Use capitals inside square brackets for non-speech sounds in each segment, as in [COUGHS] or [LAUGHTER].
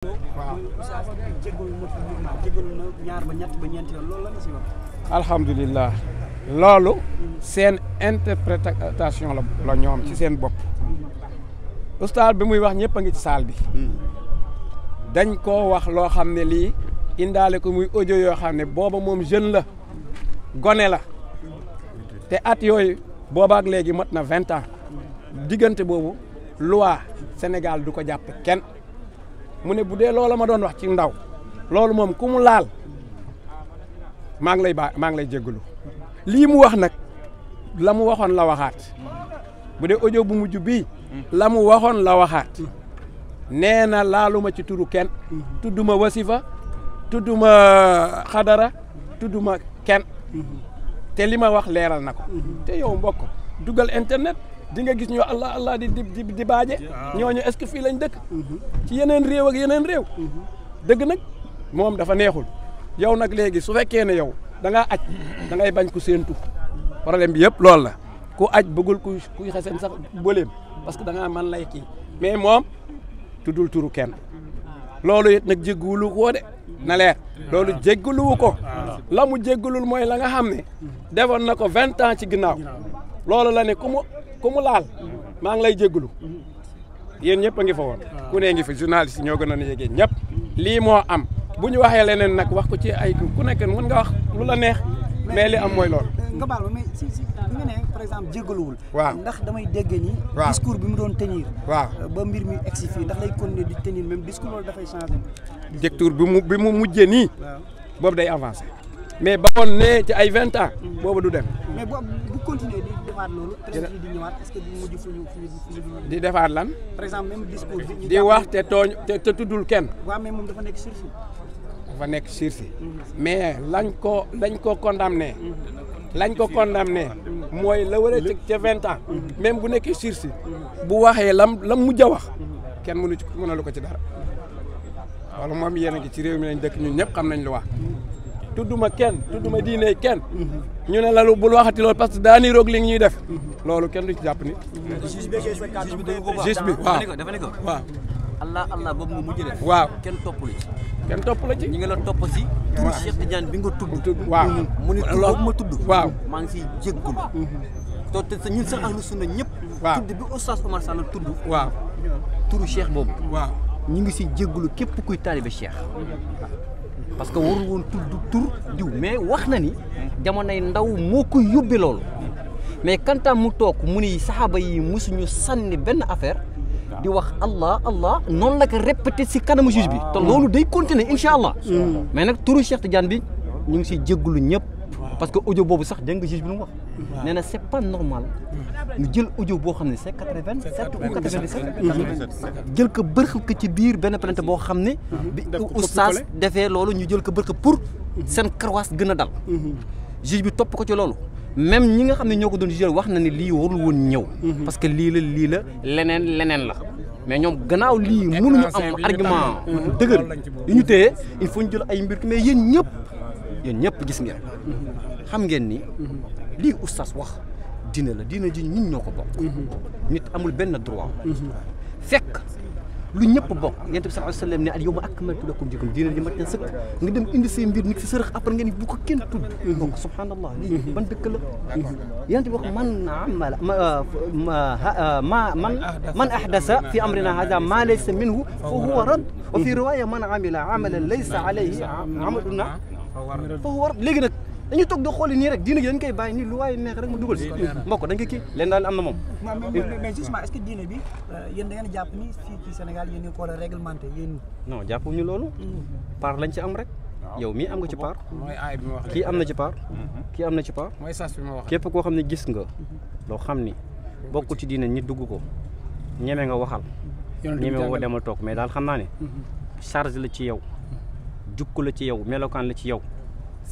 waaw alhamdulilah loolu seen interprétation la la ñoom ci seen bopp ustaas bi muy wax ñëpp a ngi ci saal bi dañ ko wax loo xam ne lii indaale ko muy audio yoo xam ne booba moom jeune la gone la te at yooyu boobaak léegi mat na vingt ans diggante boobu loi Sénégal du ko jàpp kenn mu ne bu dee loola ma doon wax ci ndaw loolu moom ku mu laal maa ngi lay ba maa ngi lay jéggalu lii mu wax nag la mu waxoon la waxaat bu dee audio bu mujj bii la mu waxoon la waxaat nee na laaluma ci turu kenn tudduma wasifa tudduma euh, xadara tudduma kenn te li ma wax leeral na ko te yow mbokk dugal internet di nga gis ñoo allah allah di di di baaje ah. ñooñu est-ce que fii lañ dëkk mm-hmm. ci yeneen réew ak yeneen réew mm-hmm. dëgg nag moom dafa neexul yow nag léegi su fekkee ne yow da aj da ngay bañ ku séentu problème bi yëpp loolu la ku aj bëggul kuy kuy xeseen sax bëleem parce que da man lay kii mais moom tuddul turu kenn loolu it nag jégguwulu ko de na leer loolu jégguluwu ko ah. la mu jéggulul mooy la nga xam ne mm-hmm. defoon na ko vingt ans ci ginnaaw loolu la ne ku ku mu laal maa ngi lay jégalu yéen ñëpp a ngi fa woon ku ne ngi fi journaliste yi ñoo gën a yegee ñëpp lii moo am bu ñu waxee leneen nag wax ko ci ay ku nekk mën nga wax lu la neex mais li am mooy lool nga baal ma mais si si nga ne par exemple jégaluwul. waaw ndax damay dégg ni. waaw discours bi mu doon tenir. waaw ba mbir mi egsi fii ndax lay continuer di tenir même loolu dafay changer. discours bi mu bi mu mujjee nii. boobu day avancer. mais bawoon ne ci ay vingt ans boobu du dem. mais di defaat loolu. que di mujj fu ñu di defaat lan. par exemple même discours bi. di wax te tooñ te te tuddul kenn. waaw moom dafa nekk sursis. dafa nekk sursis. Mhm. mais lañ ko lañ ko condamné. Mhm. lañ ko condamné mooy la war a ca vingt ans. Mhm. même bu nekkee sursis. bu waxee lam lam mujj a wax. kenn mënu ci mënalu ko ci dara. wala moom yéen a ngi ci réew mi lañ dëkk ñun ñëpp xam nañ lu wax. tudduma kenn tudduma diine kenn. ñu ne la lu bul waxati loolu parce que daa niroog li ñuy def. loolu kenn du ci jàpp ni. juge bi juge bi waaw dafa ne ko waaw. allah allah boobu nga mujj def. waaw kenn topp la ci. kenn topp la ñi nga la topp si. waaw Cheikh Tidiane bi nga tudd. waaw mu ne loolu ma tudd. waaw maa ngi siy jéggul. Mhm. te te ñun sax ahlu sunna ñëpp. waaw tudd bi Oustaz Oumar Sall tudd. waaw turu Cheikh boobu. waaw ñu ngi si jéggulu képp kuy taalibe Cheikh. Mhm. parce que waru woon tudd tur diw mais wax na ni jamonoy ndaw moo ko yóbbe loolu mais kantaam mu toog mu ni saxaaba yi mosuñu sànni benn affaire di wax allah allah noonu la ko répété si kanamu juge bi te loolu day continuer incha allah mais nag turu Cheikh Tidiane bi ñu ngi si jégglu ñëpp parce que ojo boobu sax dégg nga juge bi lu pas normal. Hmm. ñu jël ojo boo xam ne c' est quatre vingt sept ou hmm. jël ko bërëq ko ci biir benn plainte boo xam ne. Hmm. bi oustaz defee loolu ñu jël ko bërëq pour. seen karawaas gën a dal. juge bi topp ko ci loolu. même ñi nga xam ne ñoo ko doon jugé wax na ne lii warul woon ñëw. parce que lii la lii la leneen leneen la. mais ñoom gannaaw lii mënuñu am argument dëgër yu ñu téye il faut ñu jël ay mbir mais yéen ñëpp. yéen ñëpp gis ngeen xam ngeen ni lii oustaz wax diine la diine ji ñun ñoo ko bokk nit amul benn droit fekk lu ñëpp bokk yonent bi sallallahu alayhi wa sallam ne al yawma akmaltu lakum diinakum diine ji mat na sëkk nga dem indi seen mbir ni ci sërëx après ngeen bu ko kenn tudd donc subhaanallah lii ban dëkk la yonent bi wax man amala ma man man ahdasa fi amrina hada ma laysa minhu fa huwa rad wa fi riwaya man amila amalan laysa alayhi amaluna foo war léegi nag dañuy toog di xooli nii rek diine gi dañ koy bàyyi nii lu waaye neex rek mu dugal si mbokk dañ koy kii leen daal am na moom mais justement est bi euh, yéen da jàpp ni fii ci Sénégal yéen ñu ko war a réglementé yéen non loolu mm-hmm. par lañ ci am rek yow mii am nga ci part mm-hmm. kii am na ci part kii am na ci part képp koo xam ne gis nga mm-hmm. loo xam ni bokk ci diine ñi dugg ko ñeme nga waxal ñeme woo demal toog mais daal xam naa ne charge la ci yow jukku la ci yow melokaan la ci yow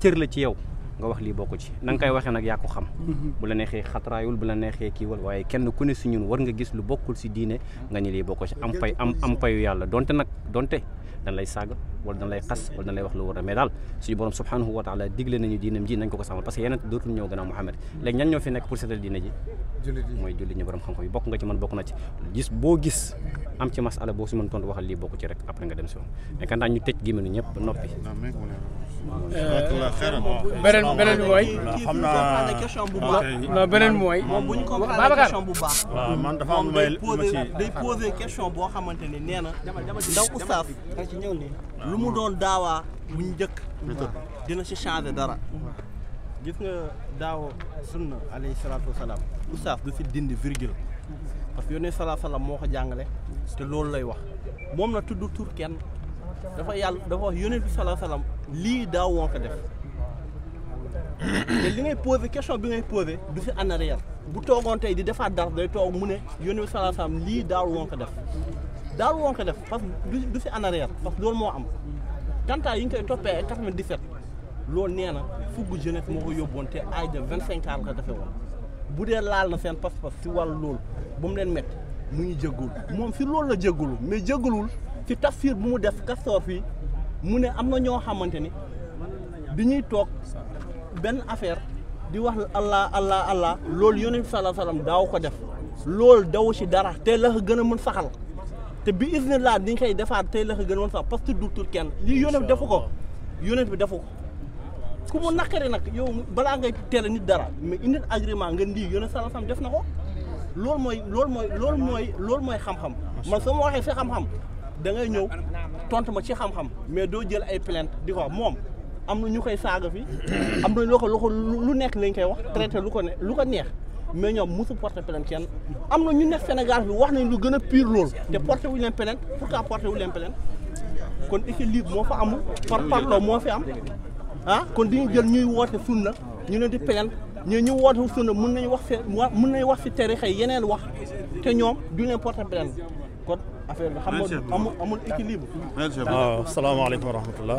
cër la ci yow nga wax lii bokk ci na nga koy waxee nag yaa ko xam mhm. bu la neexee xatraayul bu la neexee kii wal waaye kenn ku ne si ñun war nga gis lu bokkul si diine nga ñu lii bokk ci am pay am am payu yàlla donte nag donte dañ lay saaga wala dañ lay xas wala dañ wax lu war a mais daal suñu borom subhanahu wa taala digle nañu diinam ji nañ ko ko samal parce que yeneen dootul ñëw gannaaw Muhammad léegi ñan ñoo fi nekk pour seetal diine ji mooy jullit ñi borom xam-xam yi bokk nga ci man bokk na ci gis boo gis am ci masala boo si mën tontu waxal lii bokk ci rek après nga dem si woon mais ñu tëj gémmiñu ñëpp noppi beneen beneen bi mooy. xam naa non beneen mooy. moom bu ñu comprendre question bu baax. waaw man dafa am lu may day poser question boo xamante ne nee na ndaw oustaz lu mu doon daawaa bu ñu njëkk. dina si changer dara. gis nga daaw sunna alayhi salaatu wasalaam oustaz du si dindi virgule parce que yónnee salaam moo ko jàngale te loolu lay wax moom na tudd tur kenn. dafa yàlla dafa wax bi salaa salaam lii daaw won ko def [COUGHS] te li ngay posé question bi ngay posé du si en arrière bu toogoon tey di defaat dara day toog mu ne yonent bi salaa salaam lii daaw woon ko def daaw woon ko def parce que du fi en arrière parce loolu moo am kantaa yi ñu koy toppee ay 97 loolu nee na fukk jeunesse moo ko yóbboon te ay de 25 ans la ko defee woon bu dee laal na seen pas-pas si wàllu loolu ba mu leen métti mu ngi jégalu moom si loolu la jégalu mais jégalul. ci tafsir bu mu def Castor fii mu ne am na ñoo xamante ni dañuy toog benn affaire di wax allah allah allah loolu yonent bi salaa salaam daaw ko def loolu daw ci dara tey la ko gën a mën saxal te bi isnillah ni ñu koy defaat tey la ko gën a mën saxal parce que duutul kenn lii yonent bi defu ko yonent bi defu ko ku mu naqari nag yow balaa ngay tere nit dara mais indi agrément nga ndi yonent salaa salaam def na ko loolu mooy loolu mooy loolu mooy loolu mooy xam-xam man waxee fi xam da ngay ñëw tontu ma ci xam-xam mais doo jël ay plainte di ko moom am na ñu koy saaga fi [COUGHS] am na loo ko loo ko lu nekk lañ koy wax traité lu ko ne lu ko neex mais ñoom mosu porté plainte kenn am na ñu nekk Sénégal bi wax nañ lu gën a pire loolu te porté wuñu leen plainte pourquoi porté wuñu leen plainte kon équilibre moo fa amul par parloo moo fi am ah kon di jël ñuy woote sunna ñu leen di plainte ñu ñu woote sunna mën nañ wax fi mën nañ wax fi tarixa yeneen wax te ñoom du leen porté plainte affaire bi amul amul waaw ah, salaamaaleykum wa rahmatullah.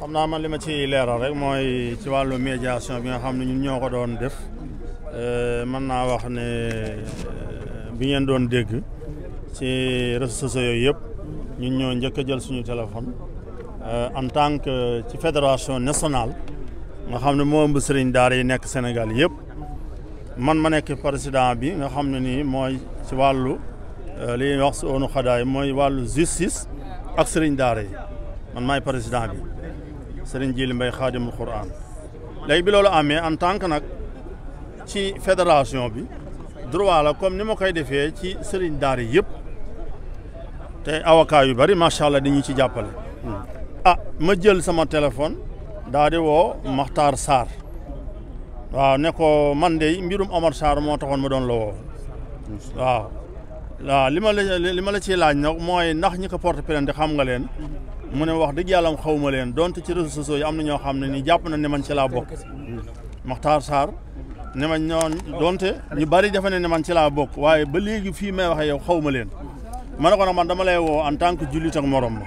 xam naa man li ma ci leeral rek mooy ci wàllu médiation bi nga xam ne ñun ñoo ko doon def euh, mën naa wax ne euh, bi ngeen doon dégg ci réseaux sociaux yooyu yëpp ñun ñoo njëkk jël suñu téléphone euh, en tant que ci fédération nationale nga xam ne moo ëmb sëriñ daara yi nekk senegal yëpp man ma nekk président bi nga xam ne nii mooy ci wàllu. Euh, li ñuy wax si xadaay mooy wàllu justice ak sëriñ daara yi man maay président bi sëriñ Jili Mbay xaadimul Quraan léegi bi loolu amee en tant que nag ci fédération bi droit la comme ni ma koy defee ci sëriñ daara yëpp te avocat yu bari macha allah dañu ci jàppale. Hmm. ah ma jël sama téléphone daa di woo Makhtar Sarr waaw ne ko man de mbirum Omar Sarr moo taxoon ma doon la woo waaw. waaw li ma la li ma la ciy laaj nag mooy ndax ñi ko porte plainte xam nga leen mu ne wax dëgg yàlla xaw leen donte ci réseaux sociaux yi am na ñoo xam ne nii jàpp na ne man ci laa bokk Makhtar Sarr ne ma ñoon donte ñu bari defe ne ne man ci laa bokk waaye ba léegi fii may waxe yow xaw ma leen ma ne ko man dama lay woo en tant que jullit ak morom la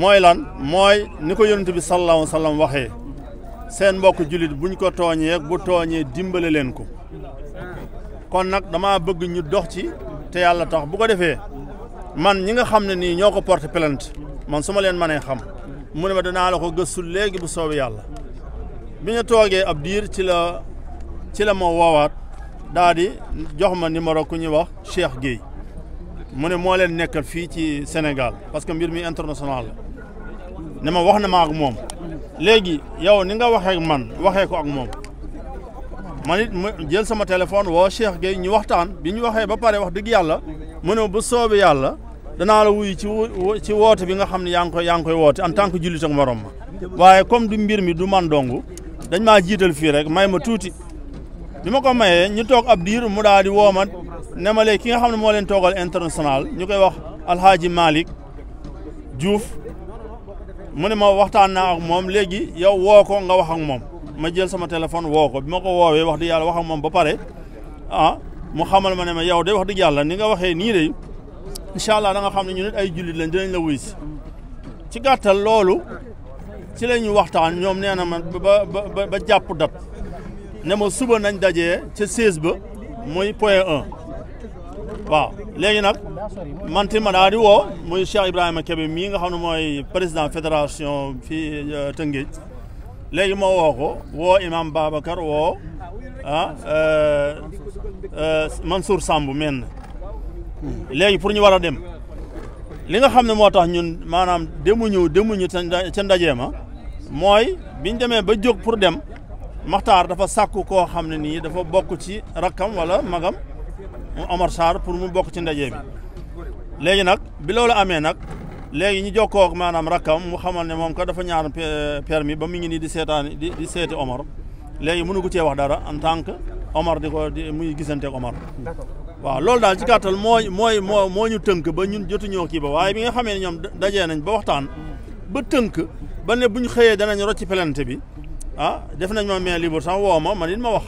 mooy lan mooy ni ko yonent bi sallallahu alayhi sallam waxee seen mbokk jullit buñ ko tooñee bu tooñee dimbale leen ko kon nag dama bëgg ñu dox ci te yàlla tax bu ko defee man ñi nga xam ne nii ñoo ko porté plainte man su ma leen mënee xam mu ne ma danaa la ko gëstu léegi bu soobee yàlla bi ñu toogee ab diir ci la ci la ma woowaat daa di jox ma numéro ku ñuy wax Cheikh Guèye mu ne moo leen nekkal fii ci Sénégal parce que mbir mi international la ne ma wax na ma ak moom léegi yow ni nga waxee man waxee ko ak moom man it ma jël sama téléphone woo Cheikh Gueye ñu waxtaan bi ñu waxee ba pare wax dëgg yàlla mu ne bu soobee yàlla danaa la wuyu ci ci woote bi nga xam ne yaa ngi koy yaa ngi koy woote en tant que jullit ak morom ma waaye comme du mbir mi du man dong dañ maa jiital fii rek may ma tuuti bi ma ko mayee ñu toog ab diir mu daal di woo ma ne ma léegi ki nga xam ne moo leen toogal international ñu koy wax Alhaji Malick Diouf mu ne ma waxtaan naa ak moom léegi yow woo ko nga wax ak moom. ma jël sama téléphone woo ko bi ma ko woowee wax dëgg yàlla wax moom ba pare ah mu xamal ma ne ma yow de wax dëgg yàlla ni nga waxee nii de incha allah da nga xam ne ñu nit ay jullit lañ dinañ la wuy si ci gàttal loolu ci la ñu waxtaan ñoom nee na ma ba ba ba jàpp dat ne ma suba nañ daje ca 16 ba muy point 1 waaw léegi nag man ti ma daa di woo muy Cheikh Ibrahima Kébé mii nga xam ne mooy président fédération fii euh, Tëngéej léegi ma woo ko woo imam Babacar woo ah euh, euh, Mansour Samb men léegi pour ñu war a dem li nga xam ne moo tax ñun maanaam demuñu demuñu ca ndaje ma mooy biñ demee ba jóg pour dem maxtaar dafa sàkku koo xam ne nii dafa bokk ci rakkam wala magam mu Omar Sarr pour mu bokk ci ndaje bi léegi nag bi loolu amee nag léegi ñu jokkoo ak maanaam rakkam mu xamal ne moom ko dafa ñaar permis ba mu ngi nii di seetaan di di seeti Omar léegi mënu ko cee wax dara en tant que Omar di ko di muy gisante ak waaw loolu daal ci gàttal mooy mooy moo moo ñu tënk ba ñun jotuñoo kii ba waaye bi nga xamee ñoom dajee nañ ba waxtaan ba tënk ba ne bu ñu xëyee danañ rocci pelante bi ah def nañ ma main libre sax woo ma man it ma wax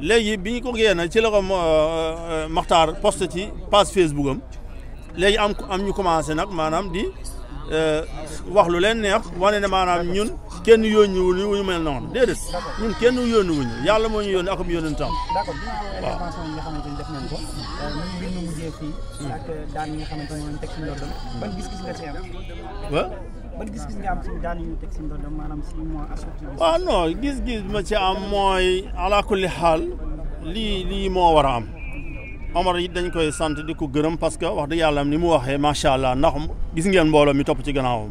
léegi bi ñu ko génne ci la ko euh, euh, Maxtaar poste ci page Facebook am léegi am am ñu commencé nag maanaam di euh, wax lu leen neex wane ne maanaam ñun kenn yónni wuñu wuñu mel noonu déedéet ñun kenn yónni wuñu yàlla moo ñu yónni akum yónnentam. d'accord waaw intervention yi xamante ni def nañ ko. Euh, mu mujjee fii. ak euh, daan yi nga xamante ni moom teg si ndoddam. gis-gis nga ci am. waaw. ban gis-gis nga am si yi ñu teg si ndoddam maanaam moo assuré. waaw non gis ma ci am mooy ala kulli xaal lii lii moo war a am. Omar it dañ koy sant di ko gërëm parce que wax dëgg yàlla ni mu waxee macha allah ndax gis ngeen mbooloo mi topp ci gannaawam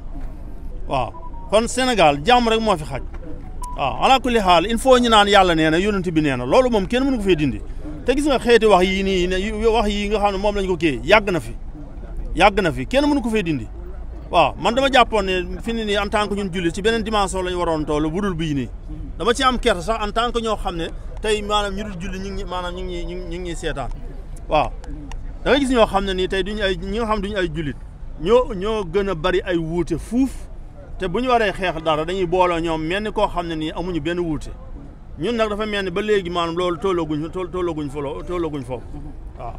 waaw kon Sénégal jàmm rek moo fi xaj waaw ala kulli xaal il faut ñu naan yàlla nee na yonent bi nee na loolu moom kenn mënu ko fee dindi te gis nga xeeti wax yii wax yii nga xam ne moom lañ ko kii yàgg na fi yàgg na fi kenn mënu ko fee dindi waaw man dama jàppoon ne fi ni nii en ñun jullit ci beneen dimension lañ waroon toll budul bii nii dama ci am sax en tant que ñoo xam ne tey maanaam ñu dul julli ñu ngi maanaam ñu ñu ngi seetaan waaw da gis ñoo xam ne nii tey duñ ay ñi nga xam duñu ay julit ñoo ñoo gën a bari ay wuute fuuf te bu ñu waree xeex dara dañuy booloo ñoom mel ni koo xam ne nii amuñu benn wuute ñun nag dafa mel ni ba léegi maanaam loolu tollaguñ tollaguñ folo tollaguñ foofu waaw.